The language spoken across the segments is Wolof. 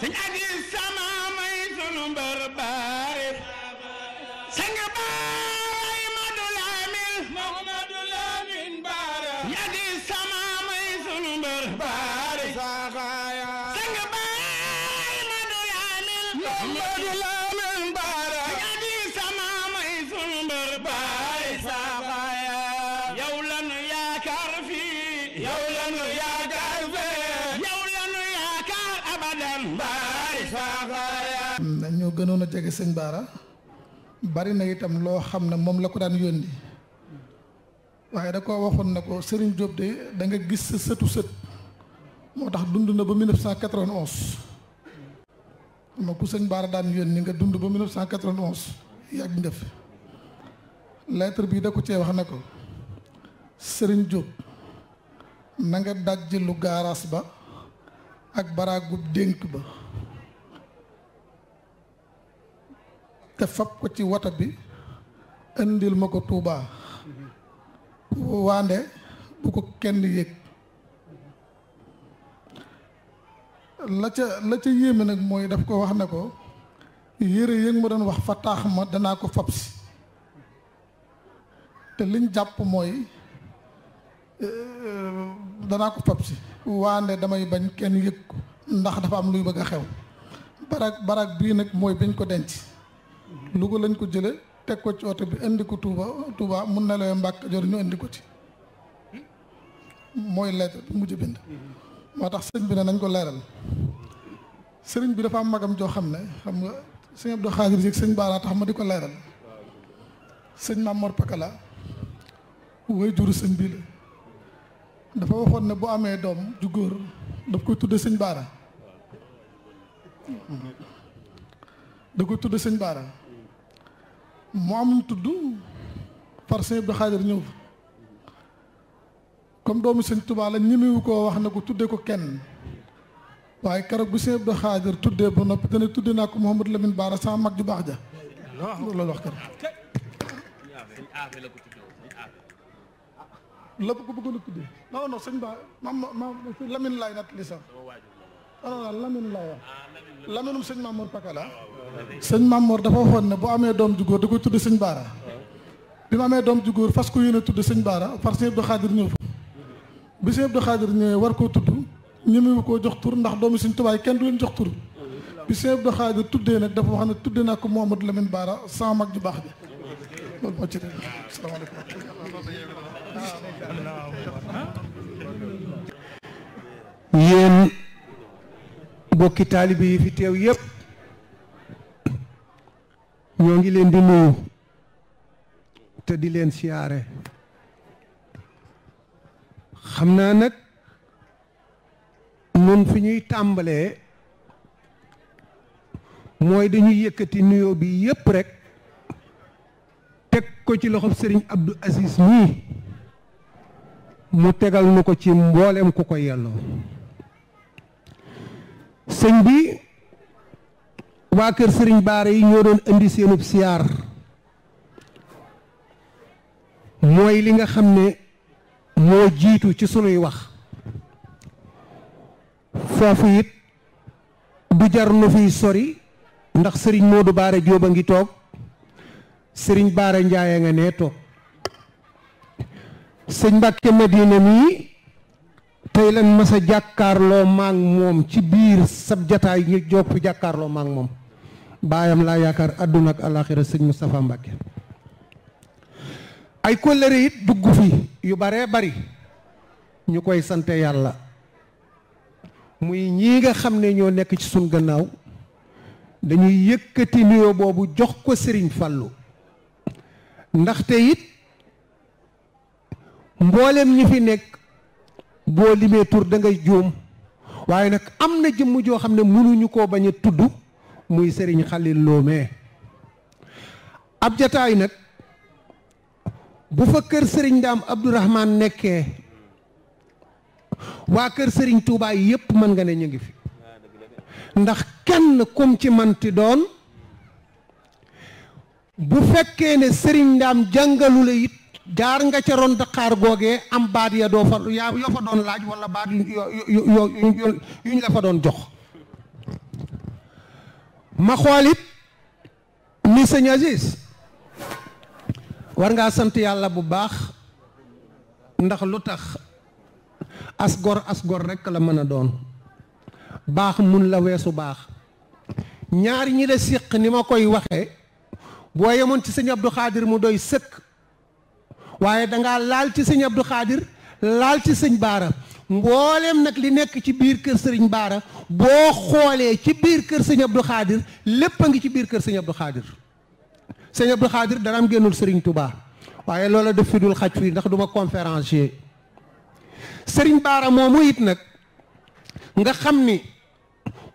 sëñ Aziz gënoon a jege sëñ Baara bari na itam loo xam ne moom la ko daan yónni waaye da koo waxoon na ko Serigne Diop de da nga gis sa sëtu sët moo tax dund na ba mu 1991 ma ku sëñ Baara daan yónni nga dund ba 1991 yàgg nga fi bii bi da ko cee wax na ko Serigne Diop na nga lu gaaraas ba ak baraagub dénk ba. te fab ko ci woto bi indil ma ko Touba waande bu ko kenn yëg la ca la ca yéeme nag mooy daf ko wax ne ko yére yëg ma doon wax fa taax ma danaa ko fab si te liñ jàpp mooy eh, eh, danaa ko fab si waande damay bañ kenn yëg ko ndax dafa am luy bëgg a xew barak bii nag mooy biñ ko denc Louga lañ ko jële teg ko ci oto bi indi ko Touba Touba mun na lay mbàkk jor ñu indi ko ci mooy lettre bi mujj bind moo tax sëñ bi ne nañ ko leeral sëriñ bi dafa am magam joo xam ne xam nga sëñ Abdou Xaadir si sëñ Baara di ko leeral sëñ Mamor Pakala way sëñ bi dafa waxoon ne bu amee doom ju góor daf koy tudde sëñ Baara da koy tudde sëñ Baara moom ñu tudd par Sëñ Abdou Khadir ñëw fa comme doomu Sëñ Tuubaa la ñemewu koo wax ne ko tuddee ko kenn waaye keroog bu Sëñ Abdou xaajar tuddee ba noppi dana tuddee naa ko Mouhamad Lamine Baara sama mag ju baax ja loolu la wax keroog lépp ko bëggoon a tuddee non non sëñ Ba maam laay natt li sax ah Lamine la woon Laminum sëñ Mamour Pakala sëñ Mamour dafa waxoon ne bu amee doom ju góor da koy tudd sëñ Baara bi mu amee doom ju góor fas ko yéene tudd sëñ Baara far sëñ Abdou Khadir ñëw fa bi sëñ Abdou Khadir ñëwee war koo tudd ñemewu koo jox tur ndax doomi sëñ Tuubaa kenn du leen jox tur bi sëñ Abdou Khadir tuddee nag dafa wax ne tuddee naa ko Mouhamadou Lamine Baara sama mag ju baax ji loolu bokki taalibe yi fi teew yépp ñoo ngi leen di nuyu te di leen siyaare xam naa nag nun fi ñuy tàmbalee mooy dañuy yëkkati nuyoo bi yépp rekk teg ko ci loxo sëriñ abdu Aziz mii mu tegal nu ko ci mboolem ku ko yelloo sëñ bi waa kër sëriñ baare yi ñoo doon indi seenub siyaar mooy li nga xam ne moo jiitu ci sunuy wax foofu it du jar nu fiy sori ndax sëriñ Modou Baare Jóob a ngi toog sëriñ Baare Njaay a nga nee toog sëñ Mbàkke Madina mii tey lan mas a ci sab jataay ñu jokk jàkkaarloo maak moom baayam laa yaakaar àdduna ak alaaxira sëñ Moustapha ay kóllëre it dugg fi yu baree bari ñu koy sante yàlla muy ñii nga xam ne ñoo nekk ci suñ gannaaw dañuy yëkkati nuyoo boobu jox ko sëriñ Fàllu ndaxte it mboolem ñi fi nekk boo limee tur dangay ngay juum waaye nag am na jëmm joo xam ne mënuñu koo bañ a tudd muy sëriñ Xalil Loome ab jataay nag bu fa kër sëriñ Daam Abdourahman nekkee waa kër sëriñ Touba yépp mën nga ne ñu ngi fi ndax kenn kum ci manti doon bu fekkee ne sëriñ ndaam jàngalu la it jaar nga ca ron daqaar googee am baat ya doo fa yaa yoo fa doon laaj wala baat yu yu ñu la fa doon jox ma xoolit ni sëñ war ngaa sant yàlla bu baax ndax lu tax as gor as gor rekk la mën a doon baax mun la weesu baax ñaari ñi la séq ni ma koy waxe boo yemoon ci sëñ Abdou Xaadir mu doy sëkk waaye dangaa laal ci sëñ Abdou Khadir laal ci sëñ Baara mboolem nag li nekk ci biir kër sëriñ Baara boo xoolee ci biir kër sëñ Abdou Khadir lépp a ngi ci biir kër sëñ Abdou Khadir sëñ Abdou Khadir dara am génnul sëriñ Touba waaye loola def fi dul xaj fii ndax du ma conférencier sëriñ Baara moomu it nag nga xam ni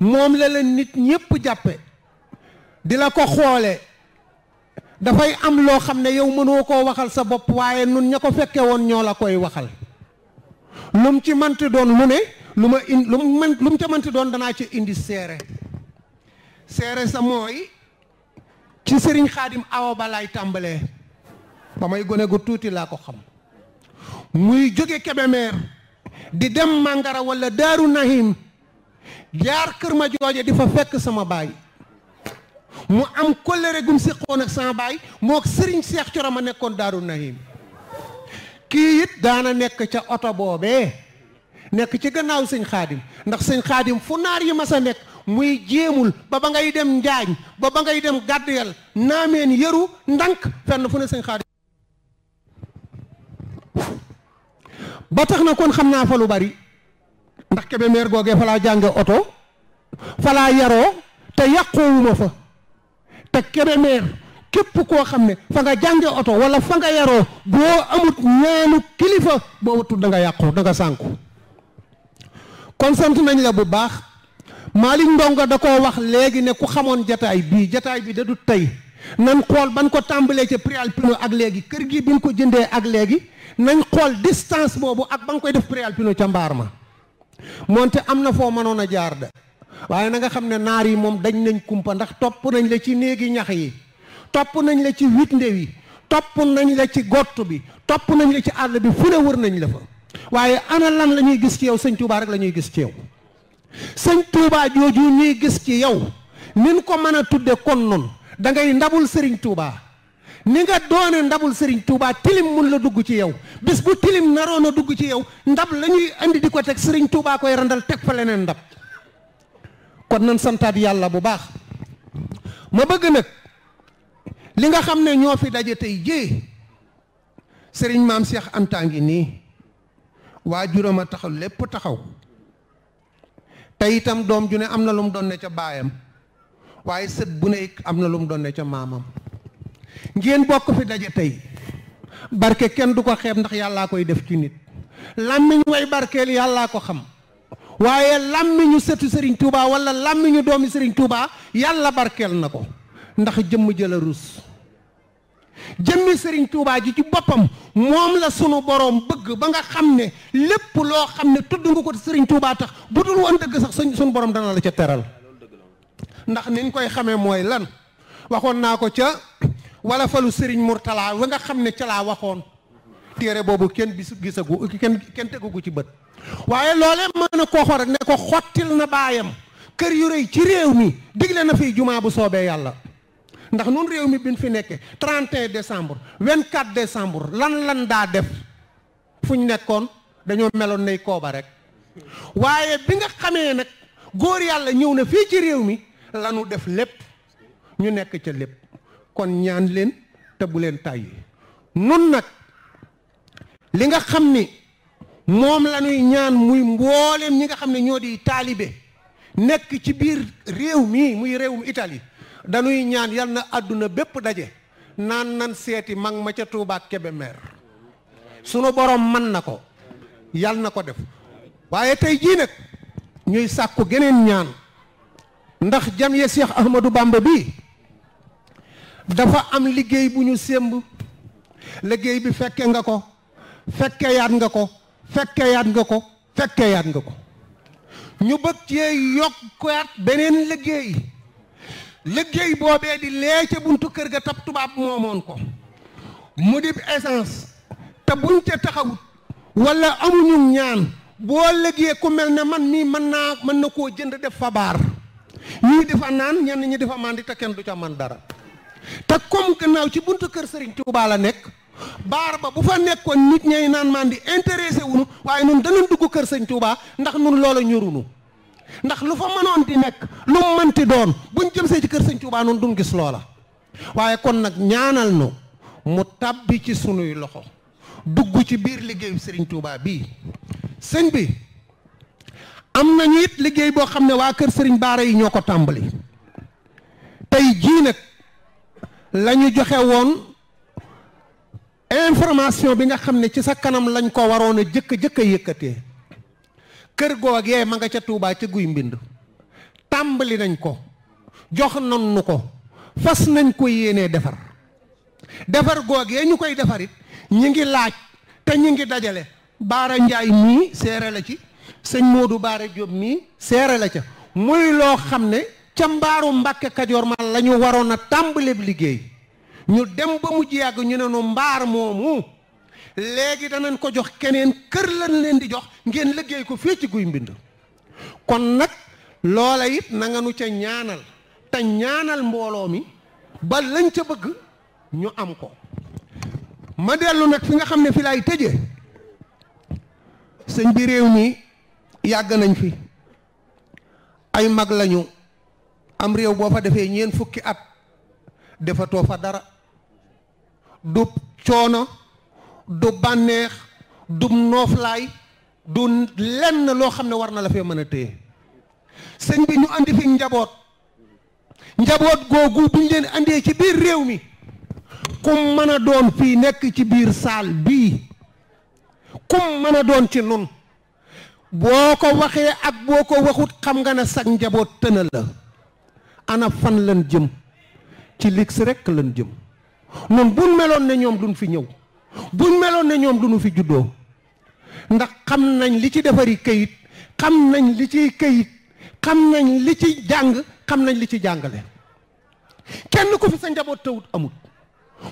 moom la la nit ñépp jàppe di la ko xoole dafay am loo xam ne yow mënoo koo waxal sa bopp waaye nun ña ko fekke woon ñoo la koy waxal lu ci manti doon lu ne lu ma in lum ca manti doon danaa ci indi seere seere sa mooy ci sëriñ xaadim awa ba laay tàmbalee ba may gone gu tuuti laa ko xam muy jóge Kébémer di dem Màngara wala Daaru Nahim jaar kër ma jooje di fa fekk sama baay mu am kóllëre gum séqoon ak sama baay moo sëriñ seex coro ma nekkoon daaru nahim kii it daana nekk ca oto boobee nekk ci gannaaw sëñ xaadim ndax sëñ xaadim fu naar yi ma a nekk muy jéemul ba ba ngay dem njaañ ba ba ngay dem gàdduyal naameen yëru ndànk fenn fu ne sëñ xaadim ba tax na kon xam naa fa lu bari ndax Kébémer googee fa laa jànge oto fa laa yaroo te yàqoowuma fa te Kébémer képp koo xam ne fa nga jànge oto wala fa nga yaroo boo amut ñaanu kilifa boo watul da nga yàqu da nga sànku kon sant nañ la bu baax Malick Ndongo da ko wax léegi ne ku xamoon jataay bii jataay bi da du tey nan xool ban ko tàmbalee ca Préal Pino ak léegi kër gi biñ ko jëndee ak léegi nañ xool distance boobu ak ba nga koy def Préal Pino ca mbaar ma moonte am na foo mënoon a jaar da waaye na nga xam ne naar yi moom dañ nañ kumpa ndax topp nañ la ci néegi ñax yi topp nañ la ci witnde wi topp nañ la ci gott bi topp nañ la ci àll bi fu ne wër nañ la fa waaye ana lan la ñuy gis ci yow sëñ Touba rek la ñuy gis ci yow sëñ Touba jooju ñuy gis ci yow nin ko mën a tudde kon noonu da ngay ndabul sëriñ tuubaa ni nga doone ndabul sëriñ Touba tilim mun la dugg ci yow bis bu tilim naroon a dugg ci yow ndab lañuy indi di ko teg sëriñ Touba koy randal teg fa leneen ndab kon nan santaat yàlla bu baax ma bëgg nag li nga xam ne ñoo fi daje tey jii sëriñ maam Cheikh Anta ngi nii waa waajuram a taxaw lépp taxaw te itam doom ju ne am na lu mu doon ca baayam waaye sët bu ne am na lu mu doon ca maamam ngeen bokk fi daje tey barke kenn du ko xeeb ndax yàllaa koy def ci nit làmmiñ way barkeel yàllaa ko xam waaye làmmiñu sëtu sëriñ Touba wala làmmiñu doomi sëriñ Touba yàlla barkeel na ko ndax jëmm jëla rus jëmmi sëriñ Touba ji ci boppam moom la sunu boroom bëgg ba nga xam ne lépp loo xam ne tudd nga ko sëriñ Touba tax bu dul woon dëgg sax sunu boroom dana la ca teral ndax niñ koy xamee mooy lan waxoon naa ko ca wala falu sëriñ Mourtala ba nga xam ne ca laa waxoon téere boobu kenn bisu gisagu kenn kenn tegugu ci bët waaye loolee mën na koo xool ne ko xottil na baayam kër yu rëy ci réew mi digle na fi jumaa bu soobee yàlla ndax nun réew mi bin fi nekkee 31 décembre 24 décembre lan lan daa def fu ñu nekkoon dañoo meloon nay kooba rek waaye bi nga xamee nag góor yàlla ñëw na fii ci réew mi lanu def lépp ñu nekk ca lépp kon ñaan leen te bu leen tàyyi nun nag li nga xam ni moom la ñuy ñaan muy mbooleem ñi nga xam ne ñoo di taalibe nekk ci biir réew mii muy réewum itali dañuy ñaan yal na àdduna bépp daje naan nan seeti mag ma ca Touba Kébémer sunu borom mën na ko yal na ko def waaye tey jii nag ñuy sàkku geneen ñaan ndax jam ye Cheikh Ahmadou Bamba bi dafa am liggéey bu ñu sémb liggéey bi fekke nga ko fekke yaat nga ko fekkeyaat nga ko fekkeyaat nga ko ñu bëgg cee yokkaat beneen liggéey liggéey boobee di lee ca buntu kër ga tab tubaab moomoon ko mu di essence te buñ ca taxawut wala amuñu ñaan boo liggéey ku mel ne man mii mën naa mën na koo jënd def fa baar ñii di fa naan ñenn ñi di fa màndi te kenn du ca man dara te comme gannaaw ci buntu kër Serigne Touba la nekk baar ba bu fa nekkoon nit ñay naan maan di intéressé wuñu waaye nun danañ dugg kër sëñ Touba ndax nun loola ñorunu ndax lu fa mënoon di nekk lu mu mënti doon buñ jëm see ci kër sëñ Touba nun duñ gis loola waaye kon nag ñaanal nu mu tàbbi ci sunuy loxo dugg ci biir liggéeyu sëriñ Touba bii sëñ bi am nañu it liggéey boo xam ne waa kër sëriñ Baara yi ñoo ko tàmbali tey jii nag la ñu joxe woon information bi nga xam ne ci sa kanam lañ ko waroon a jëkk jëkk yëkkatee kër googee ma nga ca Touba ca guy mbind tàmbali nañ ko jox nan nu ko fas nañ ko yéenee defar defar googee ñu koy defarit ñu ngi laaj te ñu ngi dajale Baara Njaay mii seere la ci sëñ Moodu Baara Jóob mii seere la ca muy loo xam ne ca mbaaru Mbàkke Kajoor ma la waroon a tàmbaleeb liggéey ñu dem ba mujj yàgg ñu ne nu mbaar moomu léegi danañ ko jox keneen kër lañ leen di jox ngeen liggéey ko fii ci guy mbind kon nag loola it na nga nu ca ñaanal te ñaanal mbooloo mi ba lañ ca bëgg ñu am ko ma dellu nag fi nga xam ne fi laay tëjee sëñ bi réew mi yàgg nañ fi ay mag lañu am réew boo fa defee ñeent fukki at defatoo fa dara du coono du bànneex du nooflaay du lenn loo xam ne war na la fee mën a téye sëñ bi ñu andi fi njaboot njaboot googu buñ leen indee ci biir réew mi kum mën a doon fii nekk ci biir saal bii kum mën a doon ci nun boo ko waxee ak boo ko waxut xam nga ne sag njaboot tëna la ana fan lan jëm ci liggs rekk lan jëm noonu buñ meloon ne ñoom duñ fi ñëw buñ meloon ne ñoom duñu fi juddoo ndax xam nañ li ci defari kayit xam nañ li ci këyit xam nañ li ci jàng xam nañ li ci jàngale kenn ku fi sa njaboot tawut amul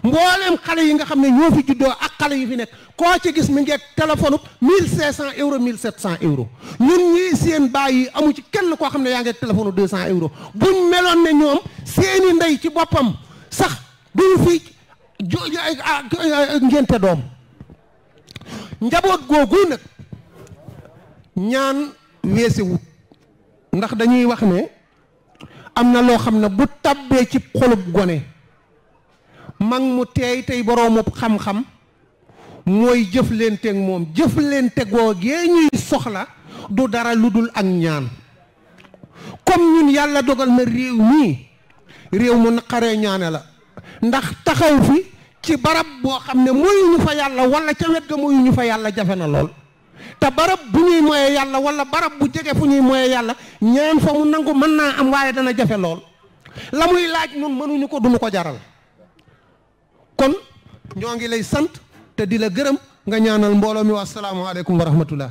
mbooleem xale yi nga xam ne ñoo fi juddoo ak xale yi fi nekk koo ci gis mi ngi téléphone mille cinq cent mille sept cent euros ñun ñii seen baay yi amu ci kenn koo xam ne yaa ngi téléphone deux cent euros buñ meloon ne ñoom seeni ndey ci boppam sax duñu fi Ah, ngénte doom njaboot googu nag ñaan weesiwut ndax dañuy wax ne am na loo xam ne bu tabbee ci xolub gone mag mu teey tey boroomub xam-xam mooy jëfleenteeg moom jëfleenteeg googee ñuy soxla du dara lu dul ak ñaan comme ñun yàlla dogal na réew mii réew mu naqaree ñaane la ndax taxaw fi ci barab boo xam ne mooyu fa yàlla wala ca wet ga mooyu ñu fa yàlla jafe na lool te barab bu ñuy moye yàlla wala barab bu jege fu ñuy moye yàlla ñaan fa mu nangu mën naa am waaye dana jafe lool la muy laaj nun mënuñu ko duñu ko jaral kon ñoo ngi lay sant te di la gërëm nga ñaanal mbooloo mi wa salaamu aleykum wa rahmatullah